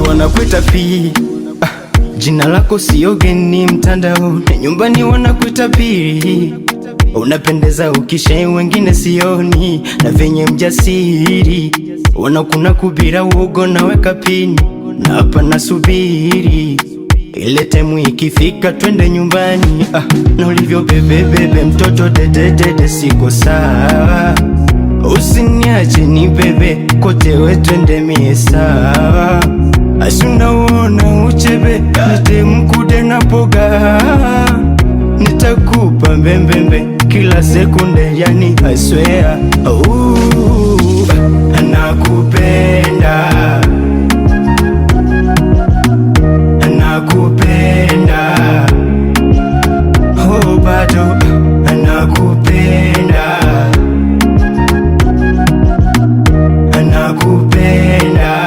Wanakuita P ah, jina lako sio geni mtandaoni, nyumbani wanakuita P Unapendeza ukishe wengine sioni, na venye mjasiri wanakuna kubira uogo, naweka pini na hapa nasubiri ile temu ikifika twende nyumbani. Ah, na ulivyo bebe bebe mtoto dededede, siko sawa, usiniache ni bebe kotewe, twende mie sawa, asunaona uchebe nite mkude na poga, nitakupa mbembembe kila sekunde, yani I swear uh, nakupenda anakupenda oh, bado nakupenda nakupenda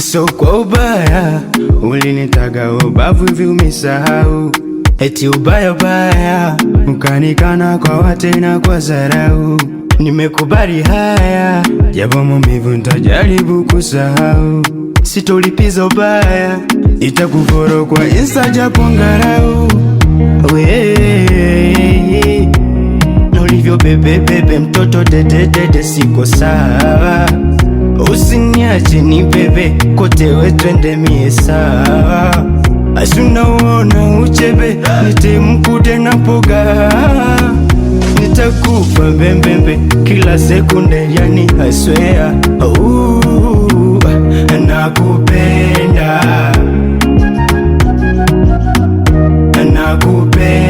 So kwa ubaya ulinitaga ubavu, hivi umesahau? Eti ubaya baya ukanikana kwa wate na kwa zarau. Nimekubali haya, japo maumivu nitajaribu kusahau. Sitolipiza ubaya, itakuforo kwa insta japo ngarau. Wee nolivyo bebe bebe, mtoto dededede, siko sawa Usiniache ni bebe kote we twende mie sawa, asunaona uchebe nitemkude na poga, nitakupa mbembembe kila sekunde, yani aswea uh, nakupenda nakupenda